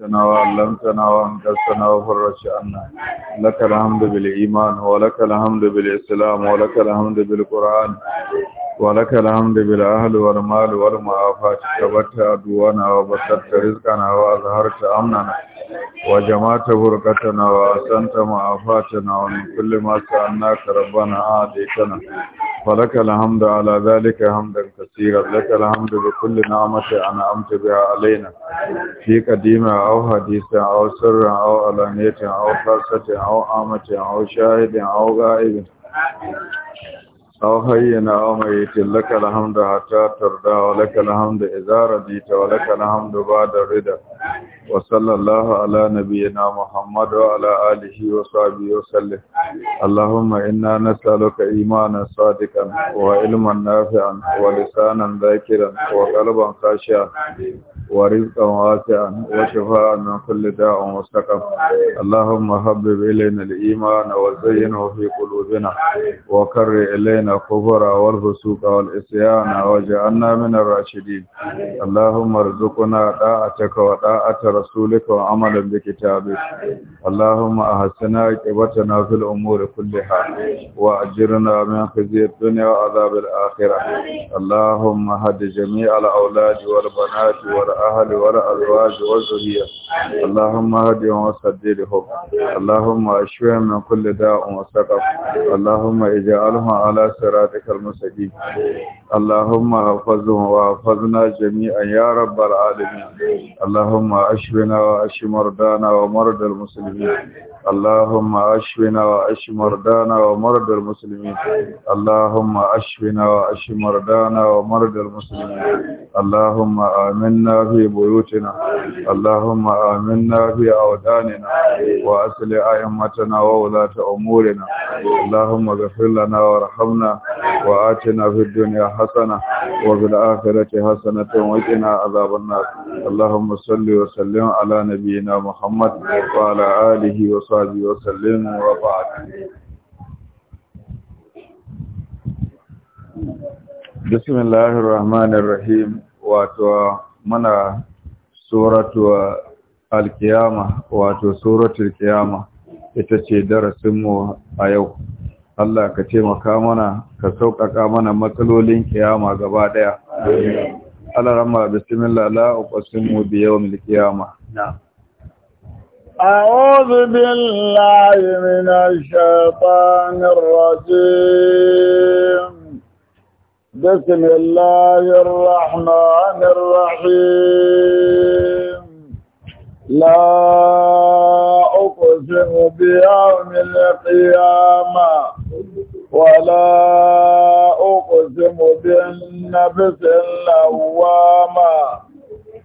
جئتنا وعلمتنا وأنقذتنا وفرجت عنا لك الحمد بالإيمان ولك الحمد بالإسلام ولك الحمد بالقرآن ولك الحمد بالأهل والمال والمعافات كبرت عدونا وبسطت رزقنا وأظهرت أمننا وجمعت بركتنا وأحسنت معافاتنا ومن كل ما سألناك ربنا آتيتنا ولك الحمد على ذلك حمدا كثيرا لك الحمد بكل نعمة أنعمت بها علينا في قديمة أو حديثة أو سر أو علانية أو خاصة أو عامة أو شاهد أو غائب أو هينا أو ميت لك الحمد حتى ترضى ولك الحمد إذا رضيت ولك الحمد بعد الرضا وصلى الله على نبينا محمد وعلى آله وصحبه وسلم اللهم إنا نسألك إيمانا صادقا وعلما نافعا ولسانا ذاكرا وقلبا خاشعا ورزقا واسعا وشفاء من كل داء وسقم اللهم حبب إلينا الإيمان وزينه في قلوبنا وكر إلينا الكفر والفسوق والعصيان واجعلنا من الراشدين اللهم ارزقنا طاعتك وطاعة رسولك وعملا بكتابك اللهم أحسنا عاقبتنا في الأمور كلها وأجرنا من خزي الدنيا وعذاب الآخرة اللهم هد جميع الأولاد والبنات والأولاد الأهل والأزواج والذرية اللهم هدهم وسددهم اللهم أشفهم من كل داء وسقف اللهم اجعلهم على صراطك المستقيم اللهم احفظهم واحفظنا جميعا يا رب العالمين اللهم أشفنا وأشف مرضانا ومرضى المسلمين اللهم أشفنا وأشف مرضانا ومرضى المسلمين اللهم أشفنا وأشف مرضانا ومرضى المسلمين اللهم آمنا في بيوتنا اللهم آمنا في أوداننا وأسل أئمتنا وولاة أمورنا اللهم اغفر لنا وارحمنا وآتنا في الدنيا حسنة وفي الآخرة حسنة وقنا عذاب النار اللهم صل وسلم على نبينا محمد وعلى آله وصحبه وسلم وبعد بسم الله الرحمن الرحيم wato muna suratu alkiyama wato suratul kiyama ita ce darasinmu a yau Allah ka taimaka mana ka sauƙaƙa mana matsalolin kiyama gaba ɗaya Allah rama bismillah la uqsimu bi yawm qiyamah أعوذ بالله من الشيطان الرجيم بسم الله الرحمن الرحيم لا أقسم بيوم القيامة ولا أقسم بالنفس اللوامة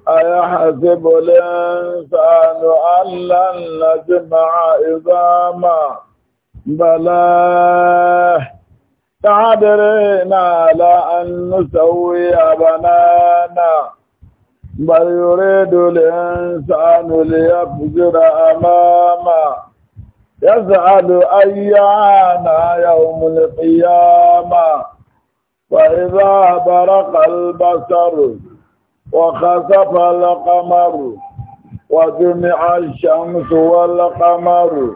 أيحسب الإنسان أن لن نجمع عظاما بلاه قادرين على أن نسوي بنانا بل يريد الإنسان ليفجر أماما يزعل أيانا يوم القيامة فإذا برق البصر وخسف القمر وجمع الشمس والقمر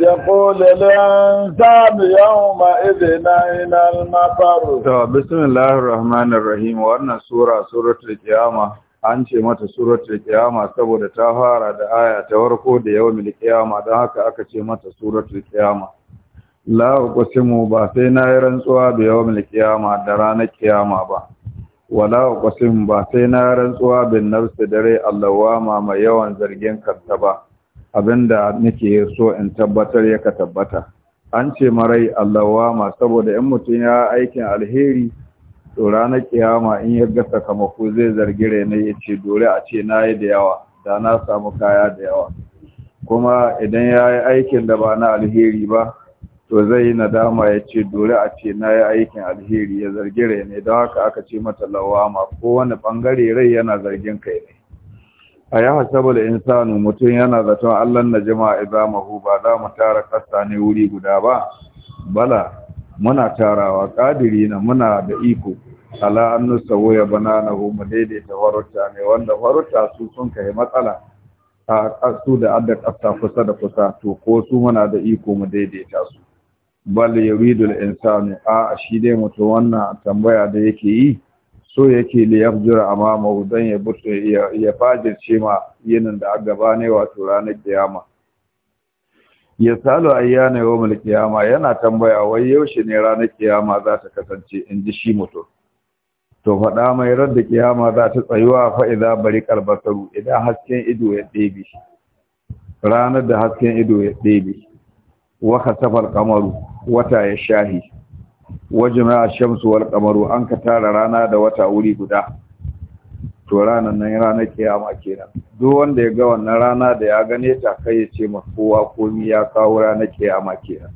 يقول الإنسان يومئذ أين المفر بسم الله الرحمن الرحيم wannan sura suratul qiyama an ce mata suratul kiyama saboda ta fara da aya ta farko da yawmil qiyama don haka aka ce mata suratul kiyama la uqsimu ba sai na yi rantsuwa da yawmil qiyama da ranar kiyama ba wala uqsimu ba sai na yi rantsuwa bin nafsi dare allawama mai yawan zargin kanta ba Abin da nake so in tabbatar yaka tabbata an ce marai allawama saboda in mutum ya aikin alheri to ranar kiyama in ya ga sakamako zai zargi rene ya ce dole a ce na yi da yawa da na samu kaya da yawa kuma idan ya yi aikin da ba na alheri ba to zai yi nadama ya ce dole a ce na yi aikin alheri ya zargi rene don haka aka ce mata lawama kowane bangare rai yana zargin kai ne a yi hasabu insanu mutum yana zaton allon na jama'a mahu ba za mu tara kasta ne wuri guda ba bala muna tarawa ƙadiri na muna da iko ala an nusawo ya banana mu daidaita warutta ne wanda warutta su sun kai matsala a kasu da adda kasta kusa da kusa to ko su muna da iko mu daidaita su bal ridul insanu a shi dai mutum wannan tambaya da yake yi so yake da ya jira amama don ya burta ya ce ma yinin da aka gabane wato ranar kiyama ya salo ayyana yawon kiyama yana tambaya wai yaushe ne ranar kiyama za ta kasance in ji shi mutum to faɗa mai da kiyama za ta tsayuwa fa'iza bari karbasaru idan hasken ido ya ɗebe ranar da hasken ido ya ɗebe waka safar kamaru wata ya shahi wajima ash-shamsu wal kamaru an ka tara rana da wata wuri guda to ranan nan rana ke kiyama kenan duk wanda ya ga wannan rana da ya gane ta kai ya ce ma kowa komi ya kawo ranar kiyama kenan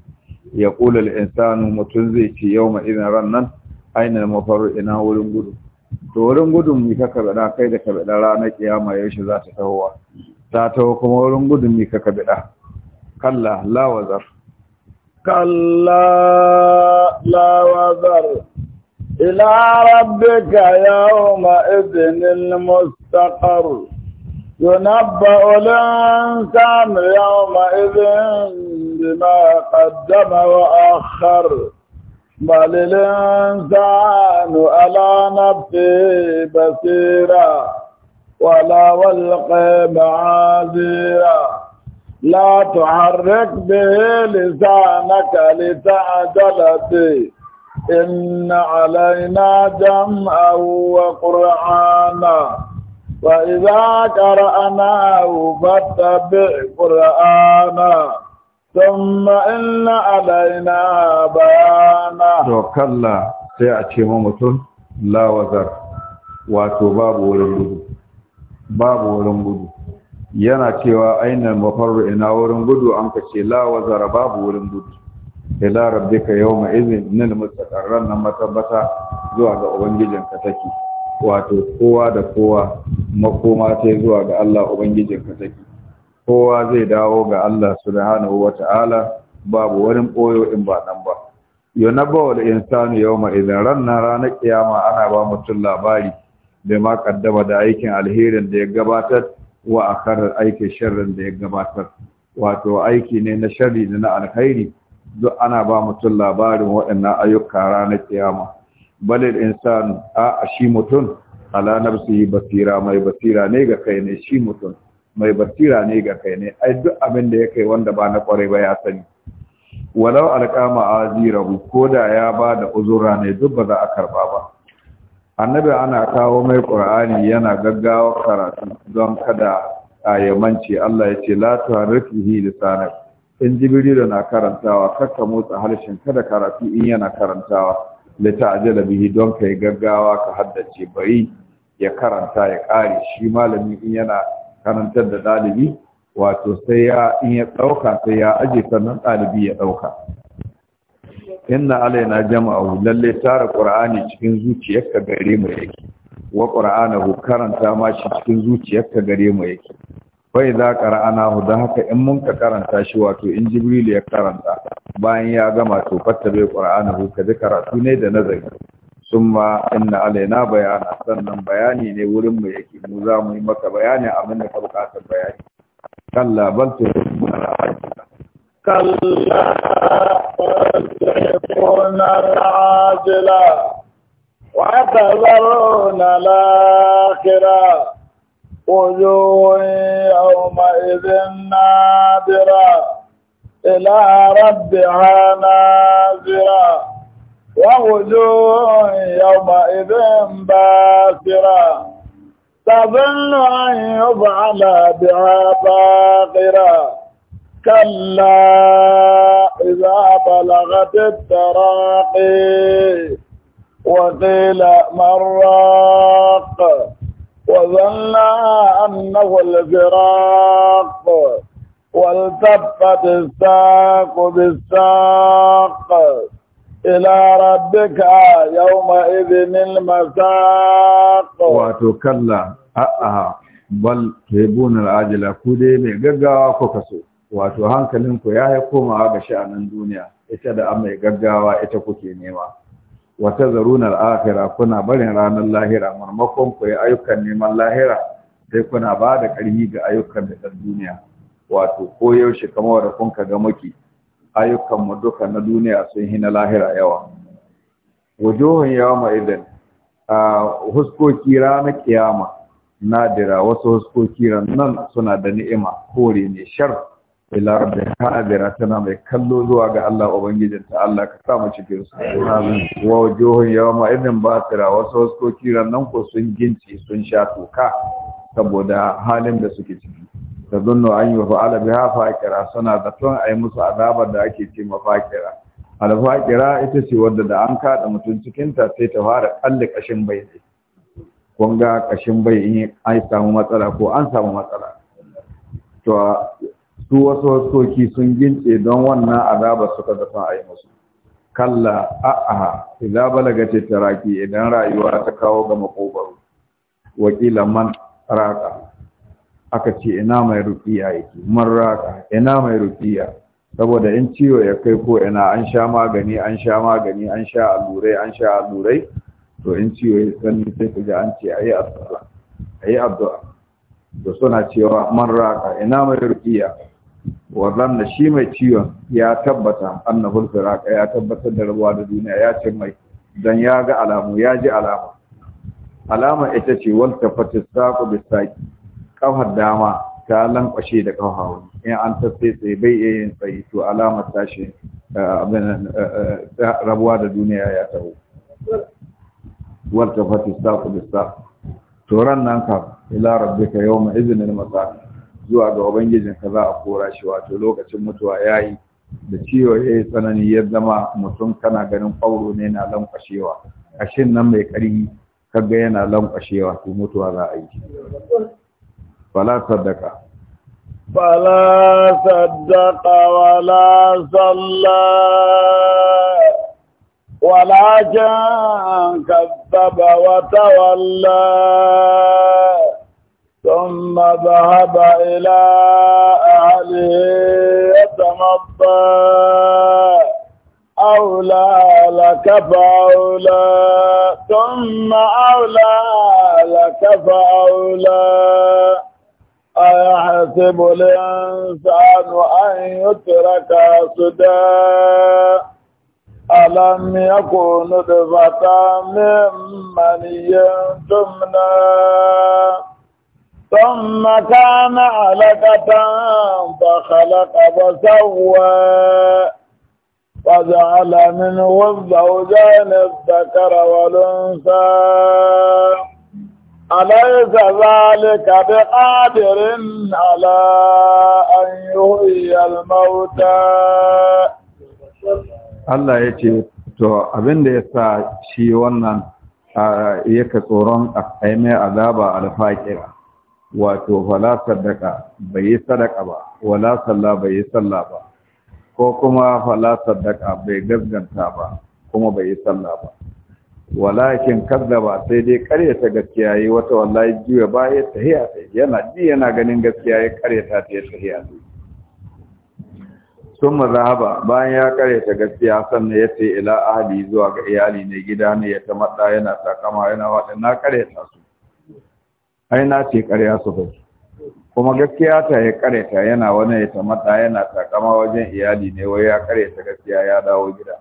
ya kula al-insanu mutun zai ce ma idan rannan aina mafaru ina wurin gudu to wurin gudun mi ka da kai da rana ranar kiyama yaushe za ta tawo ta taho kuma wurin gudun mi ka da kalla la wazar كلا لا وذر إلى ربك يومئذ المستقر ينبأ الإنسان يومئذ بما قدم وأخر بل الإنسان ألا نفسه بصيرا ولا والقي معاذيرا لا تحرك به لسانك لتعجل به إن علينا جمعه وقرآنا وإذا قرأناه فاتبع قرآنا ثم إن علينا بيانا توكلنا سيأتي ممتن لا وزر واتو باب wurin باب babu yana cewa ainihin mafarru ina wurin gudu an ka ce la zara babu wurin gudu ila rabbika ma idhin minal mustaqarran nan matabbata zuwa ga ubangijin ka take wato kowa da kowa makoma ta zuwa ga Allah ubangijin ka take kowa zai dawo ga Allah subhanahu ta'ala babu wani boyo in ba nan ba yunabbawa al-insanu yawma idhin ranna ranar kiyama ana ba mutum labari da ma kaddama da aikin alherin da ya gabatar wa akarar aikin sharrin da ya gabatar wato aiki ne na sharri da na alkhairi duk ana ba mutum labarin waɗannan ayyuka ranar kiyama balil insan a shi mutum ala yi basira mai basira ne ga kai ne shi mutum mai basira ne ga kai ne ai duk abin da ya kai wanda ba na kwarai ba ya sani walau alqama Ko da ya ba da uzura ne duk ba za a karba ba annabi ana kawo mai qur'ani yana gaggawa karatu don kada a Allah ya ce la tuharrifihi lisana in jibrilu na karantawa kakka motsa harshen kada karatu in yana karantawa ta'jala bihi don kai gaggawa ka haddace bari ya karanta ya kare shi malami in yana karantar da dalibi wato sai ya in ya dauka sai ya aje sannan dalibi ya dauka inna alaina jama'ahu lalle tara qur'ani cikin zuciyarka gare mu yake wa qur'anahu karanta ma shi cikin zuciyarka gare mu yake bai za hu? Da haka in mun ka karanta shi wato in jibril ya karanta bayan ya gama to fatabe qur'anahu ka ji karatu ne da nazari summa inna alaina bayana sannan bayani ne wurin mu yake mu za mu yi maka bayani abin da ka buƙata bayani kalla bal tu kalla ويستحقون العاجلة ويتذرون الآخرة وجوه يومئذ نادرة إلى ربها نازرة ووجوه يومئذ باسرة تظن أن يفعل بها باقرة كلا إذا بلغت التراقي وقيل مراق وظن أنه الفراق والتفت الساق بالساق إلى ربك يومئذ المساق وتكلم أأها أه، بل تهبون العاجلة كودي بيقاقا فكسو wato hankalinku ya yi komawa ga sha'anin duniya ita da an mai gaggawa ita kuke nema wata zarunar akira kuna barin ranar lahira marmakon ku yi ayyukan neman lahira sai kuna ba da ƙarfi ga ayyukan da ɗan duniya wato ko yaushe kamar da kun ga muke ayyukan mu duka na duniya sun hina lahira yawa yawa yawma idan a huskoki ranar kiyama nadira wasu huskoki nan suna da ni'ima kore ne shar ila rabbi hadira tana mai kallo zuwa ga Allah ubangijin ta Allah ka sa mu cikin su amin wa wujuhun yawma idan basira wasu koki nan ko sun ginci sun sha toka saboda halin da suke ciki da zunno an yi fa'ala biha fakira suna zaton ai musu azabar da ake ce mafakira alfakira ita ce wadda da an kaɗa mutum cikin ta sai ta fara kalle kashin bai ne kun ga kashin bai in an samu matsala ko an samu matsala to su wasu wasoki sun gince don wannan azaba suka zafa a yi musu kalla a'a idza balagati taraki idan rayuwa ta kawo ga makobaru wakila man raka aka ce ina mai ruqiya yake man raka ina mai rufiya saboda in ciwo ya kai ko ina an sha magani an sha magani an sha allurai an sha allurai to in ciwo ya sani sai ku ji an ce ayi yi addu'a da suna cewa man raka ina mai rufiya wannan da shi mai ciwon ya tabbata annahul firaq ya tabbatar da rabuwa da duniya ya ce mai dan ya ga alamu ya ji alama alama ita ce wal tafati saqu bi saqi kafar dama ta lankwashe da kafawa in an tsaye bai yin tsayi to alama ta shi eh, eh, eh, rabuwa da duniya ya taho wal tafati saqu bi saqi to ran nan ka ila rabbika yawma idhnil masaq zuwa ga ubangijin ka za a kora shi wato lokacin mutuwa ya yi da ciwo ya yi tsanani ya zama mutum kana ganin ƙwaro ne na lankwashewa ashin nan mai ƙari kaga yana lankwashewa ko mutuwa za a yi fala sadaka fala sadaka wala kazzaba wa tawalla ثم ذهب إلى أهله يتمطى أولى لك فأولى ثم أولى لك فأولى أيحسب الإنسان أن يترك سدى ألم يكن نطفة من مني تمنى ثم كان علقة فخلق وسوى فجعل منه الزوجين الذكر والأنثى أليس ذلك بقادر على أن يحيي الموتى Allah ya ce, To, abin da ya sa shi wannan ya tsoron a mai azaba alfaƙira, wato wala Sadaka bai yi sadaka ba wala salla bai yi salla ba ko kuma wala Sadaka bai gaskanta ba kuma bai yi salla ba walakin kazzaba sai dai karyata gaskiya yi wata wallahi juya baya sahiya sai yana ji yana ganin gaskiya ya karyata ta tahiya sai sun mazahaba bayan ya karyata gaskiya sannan ya ce ila ahli zuwa ga iyali ne gida ne ya ta maɗa yana takama yana waɗanda na karyata su ai na ce ƙarya su bai kuma gaskiya ta ya ƙareta yana wani ya tamata yana takama wajen iyali ne wai ya ƙareta gaskiya ya dawo gida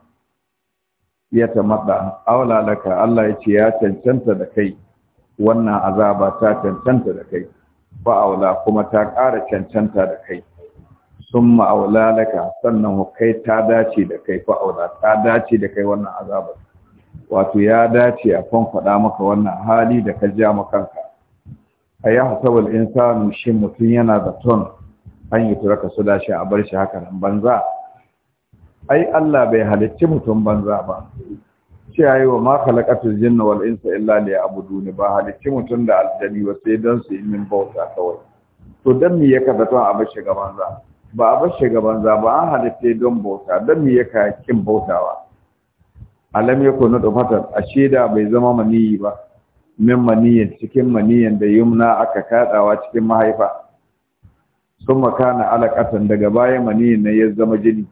ya tamata aula laka Allah ya ce ya cancanta da kai wannan azaba ta cancanta da kai ba aula kuma ta ƙara cancanta da kai sun ma'aula laka sannan kai ta dace da kai fa aula ta dace da kai wannan azabar wato ya dace a kwan faɗa maka wannan hali da ka ja makanka a yi hasabal insanu shi mutum yana da ton an yi turaka su dashi a bar shi haka nan banza ai Allah bai halicci mutum banza ba ya yi wa ma khalaqatul jinna wal insa illa ne ba halicci mutum da aljani ba sai don su yi min bauta kawai to don me ya kaza ton a bar shi ga banza ba a bar shi ga banza ba an halitta don bauta don me ya kin bautawa alam ya yakunu Ashe shaida bai zama maniyi ba min maniyin cikin maniyin da yumna aka kadawa cikin mahaifa sun makana alaƙatan daga baya maniyin na ya zama jini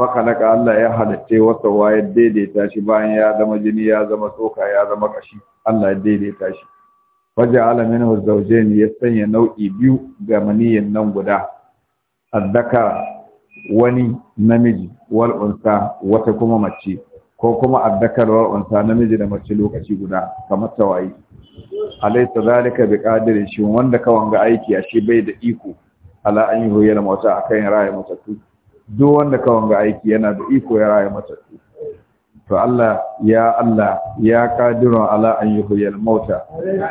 fakalaka Allah ya halatte wasa ya daidaita shi bayan ya zama jini ya zama tsoka ya zama ƙashi Allah ya daidaita shi waje alamin huzzaujeni ya sanya nau'i biyu ga maniyin nan guda addaka wani namiji wal'unsa wata kuma mace ko kuma addakarwar unta namiji da mace lokaci guda kamar tawayi alaysa zalika biqadirin shi wanda ka wanga aiki ashe bai da iko ala an yuhyil mota akan raya matattu duk wanda ka wanga aiki yana da iko ya raya matattu to Allah ya Allah ya kadiru ala an yuhyil mauta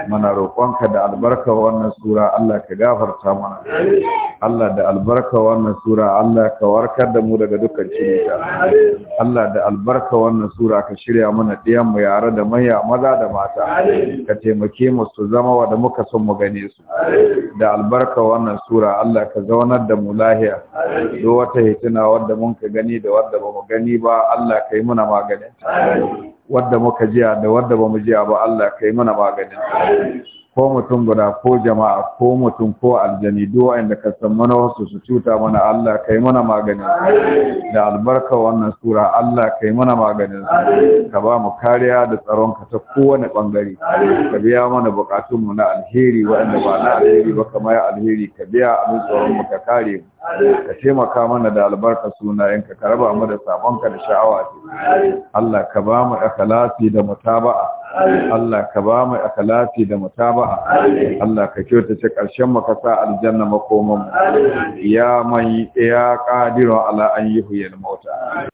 mana roƙonka da albarka wannan sura Allah ka gafarta mana Allah da albarka wannan sura Allah ka warkar da mu daga dukkan ciruta Allah da albarka wannan sura ka shirya mana diyan mu yare da manya maza da mata ka taimake mu su zama wa da muka son mu gane su da albarka wannan sura Allah ka zaunar da mu lahiya duk wata hitina wanda mun ka gani da wanda ba mu gani ba Allah ka yi muna magani wadda muka jiya da wadda ba mu jiya ba Allah ka yi mana maganin ko mutum guda ko jama'a ko mutum ko aljani duk wanda ka san mana wasu su cuta mana Allah ka yi mana maganin da albarka wannan sura Allah ka yi mana maganin ka ba mu kariya da tsaron ka ta kowane bangare ka biya mana bukatun mu na alheri wanda ba na alheri ba kamar alheri ka biya abin tsaron mu ka kare mu ka taimaka mana da albarka sunayenka ka raba mu da sabonka da sha'awa Allah ka ba mu akhlasi da mutaba'a Allah ka ba mu akhlasi da mutaba'a Allah ka ce karshen mu ka sa aljanna makoman ya mai ya qadiru ala an yuhyil mauta